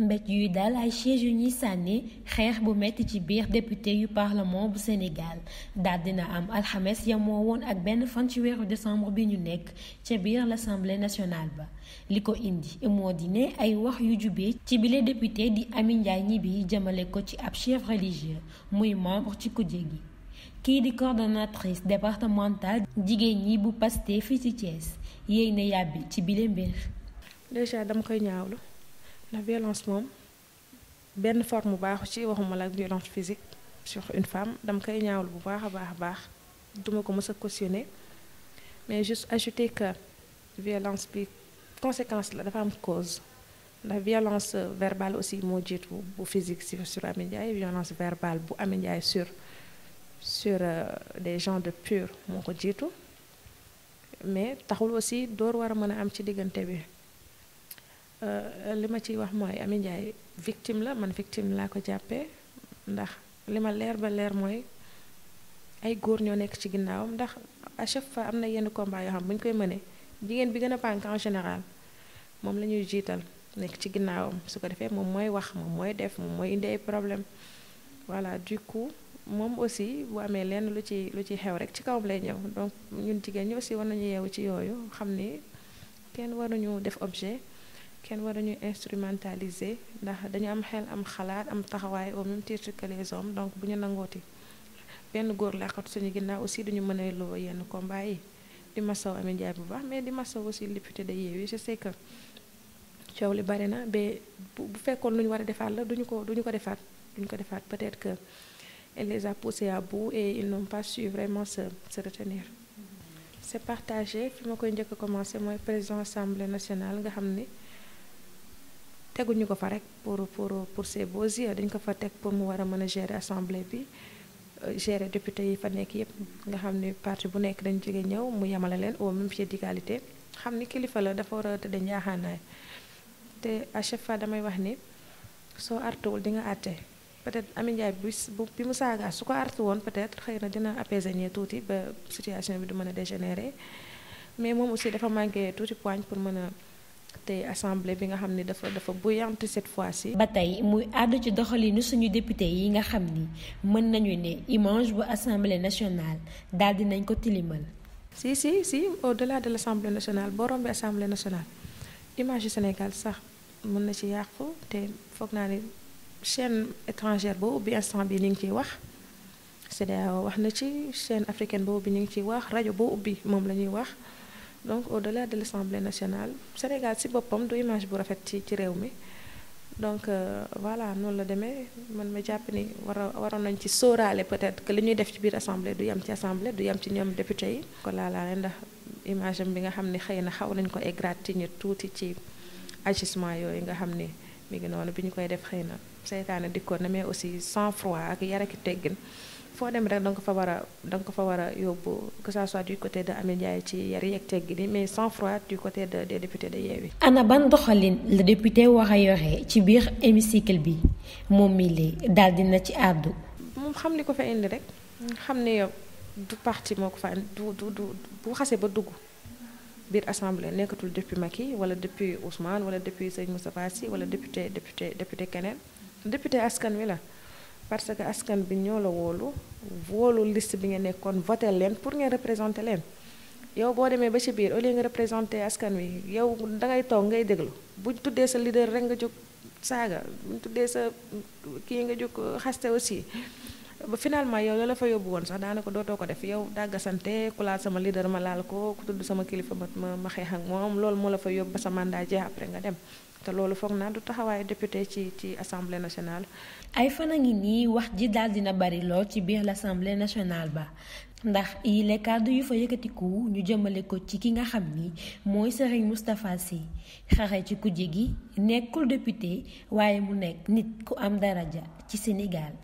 mbéj yuy dal ay chaise yu ñuy sànni xeex bu metti ci biir député yu parlement bu Sénégal daal dina am alxames yamoo woon ak benn fan ci weeru décembre bi ñu nekk ca biir l'Assemblée nationale ba li ko indi moo di ne ay wax yu jubee ci bile député di Amy Ndiaye Gniby ko ci ab chef religieux muy membre ci kujje gi kii di coordonnatrice départementale jigéen ñi bu Pastef fii ci Thiès yéy na yàbbi ci bile mbir dama koy ñaawlu la violence bien benn forme bu baaxu ci waxuma la violence physique sur une femme dama koy ñaawlu bu baax a baax a baax duma ko mës a cautionner mais juste ajouter que violence bi conséquence la dafa am cause La violence verbale aussi moo jiitu bu physique sur, sur Amy et violence verbale bu Amy Ndiaye sur sur euh, des gens de pur moo ko jiitu mais taxul aussi door war a mën a am ci diggante bi Euh, li ma ciy wax mooy Amy Ndiaye victime la man victime laa ko jàppe ndax li ma leer ba leer mooy ay góor ñoo nekk ci ginnaawam ndax à chaque fois am na yenn combat yoo xam bu ñu koy mënee jigéen bi gën a pànk en moom la ñuy jiital nekk ci ginnaawam su ko defee moom mooy wax moom mooy def moom mooy indi ay problème voilà du coup moom aussi bu amee lenn lu ci lu ci xew rek ci kawam lay ñëw donc ñun jigéen ñi aussi war nañu yeewu ci yooyu xam ni kenn waruñu def objet kenn waruñu instrumentaliser ndax dañu am xel am xalaat am taxawaay au même titre que les hommes donc bu ñu nangooti benn góor làqatu suñu ginnaaw aussi duñu mën a loo yenn combat yi di masaw Amy Ndiaye bu baax mais di masaw aussi député de Yewwi je sais que coow li bari na ba bu fekkoon lu ñu war a defaat la duñu ko duñu ko defaat duñu ko defaat peut-être que elle les a poussés à bout et ils n'ont pas su vraiment se se retenir. c'est partagé fi ma koy njëkk a commencé mooy président assemblée nationale nga xam ñu ko fa rek pour pour pour boo beaux yeux dañ ko fa teg pour mu war a mën a gérer assemblée bi euh, gérer député yi fa nekk yépp nga xam ni partie bu nekk dañ jóge ñëw mu yemale leen au même pied d'égalité xam ni kilifa la dafa war a tëdd njaaxaanaay te à chaque fois damay wax ni soo artuwul di nga àtte peut-être Amy Ndiaye bu bi mu saaga su ko artu woon peut-être xëy na dina apaiser ñee tuuti ba situation bi du mën a dégénérer mais moom aussi dafa manqué tuuti poigne pour mën a tey assemblée bi nga xam ni dafa dafa bouillante cette fois-ci. ba tey muy àdd ci doxalinu suñu député yi nga xam ni mën nañu ne image bu assemblée nationale daal di nañ ko tilimal. si si si au-delà de l'assemblée nationale boo rombee assemblée nationale image Sénégal sax mën na ci yàqu te foog naa ni chaîne étrangère boobu bi instant bi ni ngi ciy wax. CEDEAO wax na ci chaîne africaine boobu bi ni ngi ciy wax rajo boo ubbi moom la ñuy wax. donc au delà de l' assemblée nationale Sénégal si boppam du image bu rafet ci ci réew mi donc euh, voilà noonu la demee man ma jàpp ni war a waroon nañ ci sorale peut-être que li ñuy def ci biir assemblée du yem ci assemblée du yem ci ñoom député yi. ko laalaale ndax image bi nga xam ni xëy na xaw nañ ko égratigner tuuti ci agissement yooyu nga xam ni mi ngi noonu bi ñu koy def xëy na seytaane dikkoon na mais aussi cent froid ak yar ak teggin. foo dem rek da nga ko fa war a da nga ko fa war a yóbbu que ça soit du côté de Amy Ndiaye ci yar yi ak mais sans froid du côté de des députés de Yewwi. ana ban doxalin la député war a yore ci biir hémicycle bi moom mi lay daal dina ci àddu. moom xam li ko fa indi rek xam ne yow du parti moo ko fa du du du bu xasee ba dugg. biir assemblée nekkatul depuis Macky wala depuis Ousmane wala depuis Serigne Moustapha Sy wala député député député keneen député askan wi la. parce que askan bi ñoo la woolu woolu list bi nga nekkoon voté leen pour nga représenté leen yow boo demee ba ci biir au lii nga représenté askan wi yow dangay toog ngay déglu buñ tuddee sa leader rek nga jóg saaga buñ tuddee sa kii nga jóg xaste aussi ba finalement yow loola fa yóbbu woon sax daanaka dootoo ko def yow dàggasante ku laal sama leader ma laal ko ku tudd sama kilifa ma ma xeex ak moom loolu moo la fa yóbbu ba sa mandat après nga dem. te loolu foog naa du taxawaayu député ci ci assemblée nationale. ay fan ngi nii wax ji daal dina bari lool ci biir l'assemblée nationale ba ndax yile kàddu yu fa yëkkatiku ñu jëmale ko ci ki nga xam ni mooy Serigne Moustapha Sy xaxe ci kujje gi nekkul député waaye mu nekk nit ku am daraja ci Sénégal.